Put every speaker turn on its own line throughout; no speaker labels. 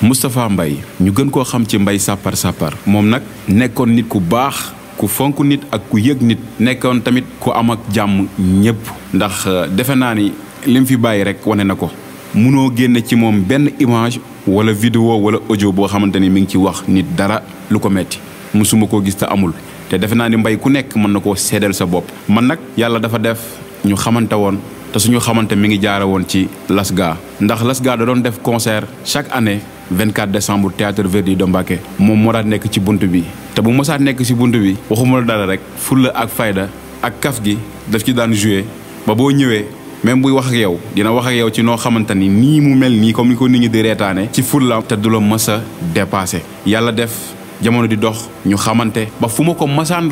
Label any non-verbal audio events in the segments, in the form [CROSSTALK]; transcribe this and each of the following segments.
Moustapha mbay ñu gën koo xam ci mbay Sapar Sapar moom nag nekkoon nit ku baax ku fonk nit ak ku yëg nit nekkoon tamit ku am ak jàmm ñépp ndax euh, defe naa ni lim fi bàyyi rek wane na ko munoo génne ci moom benn image wala vidéo wala ojo boo xamante ni mi ngi ci wax nit dara lu ko metti mësuma koo gis te amul te defe naa ni mbay ku nekk mën na koo seedal sa bopp man nag yàlla dafa def ñu xamante woon te suñu xamante mi ngi jaare woon ci Lasga ndax Lasga da doon def concert chaque année 24 décembre théâtre Verdi de Mbacké mo moo nek ci buntu bi té bu mosaa nek ci buntu bi waxuma la dara rek ful ak fayda ak kaf gi daf ci daan jouer ba bo ñëwé même buy wax ak yow dina wax ak yow ci no xamantani ni mu mel ni comme ko nit ñi di rétané ci la té du la mës dépassé def jamono di dox ñu xamanté ba fu ma ko masaan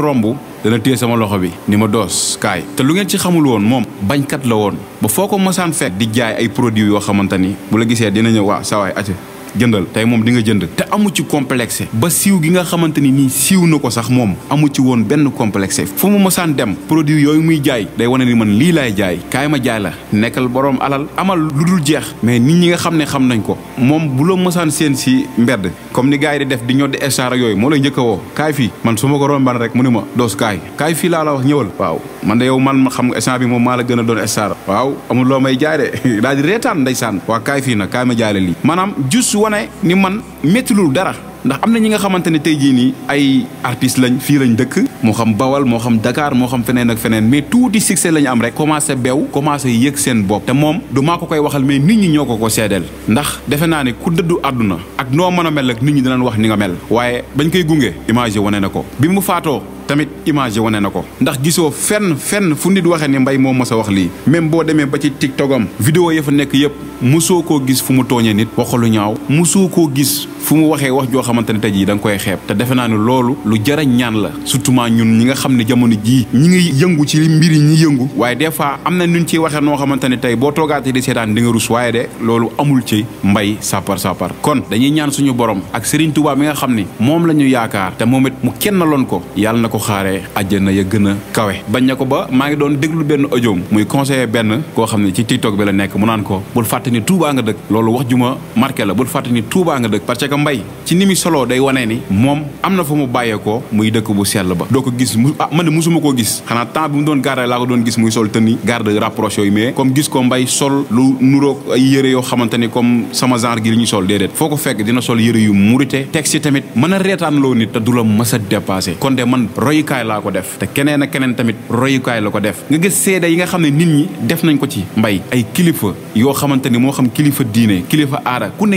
dana téye sama loxo bi ni ma dos kay té lu ngeen ci xamul mom bañ kat la won ba foko ko masaan di jaay ay produits yo xamantani bu la gisé dina ñëw wa saway atté jëndal tey moom di nga jënd te amu ci complexe ba siiw gi nga xamante ni nii siiw na ko sax moom amu ci woon benn complexe foo mu mosaan dem produit yooyu muy jaay day wane nii man lii laay jaay kaay ma jaay la nekkal boroom alal amal lu dul jeex mais nit ñi nga xam ne xam nañ ko moom bu mosaan seen si mbedd comme ni gars yi di def di ñoo di estar ak yooyu moo lay njëkk a woo man su ma ko rombaan rek mu ne ma doos kaay kaay fii laa la wax ñëwal waaw man de yow man ma xam estar moom maa la gën a doon estar waaw amul loo may jaay de [LAUGHS] daal di reetaan ndeysaan waa kaay fii na kaay ma jaay la lii maanaam wane ni man méttilul dara ndax am na ñi nga xamante ne tey jii nii ay artistes lañ fii lañ dëkk moo xam Bawal moo xam Dakar moo xam feneen ak feneen mais tuuti succès lañ am rek commencé beew commencé yëg seen bopp te moom du maa ko koy waxal mais nit ñi ñoo ko ko seedeel ndax defe naa ne ku dëddu àdduna ak noo mën a mel ak nit ñi dinañ wax ni nga mel waaye bañ koy gunge image wane na ko bi mu faatoo tamit image wane na ko ndax gisoo fenn fenn fu nit waxee ne mbay moo mos a wax lii même boo demee ba ci tiktokam vidéo ya fa nekk yëpp mosoo koo gis fu mu tooñee nit waxalu ñaaw mosoo koo gis fu mu waxe wax jo xamanteni tay ji dang koy xeb te defena ni lolu lu jara ñaan la surtout ñun ñi nga xamni jamono ji ñi ngi yëngu ci mbir yi ñi yëngu waye des fois amna ñun ci waxe no xamanteni tay bo togaati di seetaan di nga rus waye de lolu amul ci mbay sapar sapar kon dañuy ñaan suñu borom ak Serigne Touba mi nga xamni mom lañu yaakar te momit mu kenn kennaloon ko yalla nako xare aljana ya gëna kawé kawe bañ na ko ba ma ngi doon déglu ben audioom muy conseiller ben ko xamni ci TikTok bi la nek mu naan ko bul fatani Touba nga dëkk lolu wax juma marqué la bul fatani Touba nga dëkk parce que que mbay ci ni muy soloo day wane ni moom am na fa mu bàyyeekoo muy dëkk bu sell ba doo ko gis mu ah man de musuma koo gis xanaa temps bi mu doon garde laa ko doon gis sol tëni garde rapproché yi ni comme sama genre gi li ñuy sol déedéet murite teg si tamit mën a reetaan loo nit te du la mës a kon de man royukaay laa ko def te keneen ak keneen tamit royukaay la ko def nga gis seede yi nga xam ne nit ñi def nañ ko ci mbay ay kilifa yoo xamante ni moo xam kilifa diine kilifa aada ku ne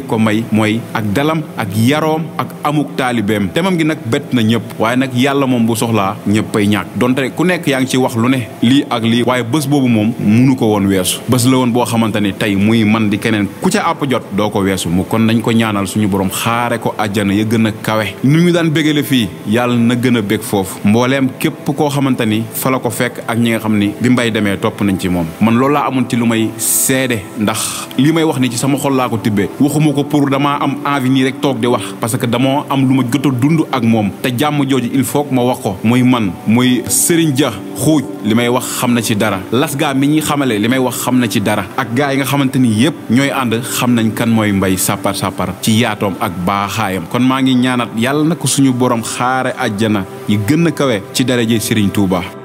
li ko may mooy ak dalam ak yaroom ak amuk taalibeem temam gi nag bet na ñëpp waaye nag yàlla moom bu soxlaa ñëppay ñàkk donte ku nekk yaa ngi ci wax lu ne lii ak lii waaye bés boobu moom munu ko woon weesu bés la woon boo xamante ni tey muy man di keneen ku ca àpp jot doo ko weesu mu kon nañ ko ñaanal suñu borom xaare ko àjjana ya gën a kawe ni ñu daan bégale fii yàlla na gën a bég foofu mbooleem képp koo xamante ni fa la ko fekk ak ñi nga xam bi mbay demee topp nañ ci moom man loolu laa amoon ci lu may seede ndax li may wax ni ci sama xol laa ko tibbee waxuma waxuma ko pour damaa am envie nii rek toog di wax parce que damoo am lu ma jot dund ak moom te jàmm jooju il faut ma wax ko muy man muy Serigne ja xuuj li may wax xam na ci dara las lasgaa mi ñuy xamale li may wax xam na ci dara ak gaa yi nga xamante ni yépp ñooy ànd xam nañ kan mooy mbay sàppar sàppar ci yaatoom ak baaxaayam kon maa ngi ñaanat yàlla na ko suñu borom xaare àjjana yi gën kawe ci dara daraje Serigne Touba.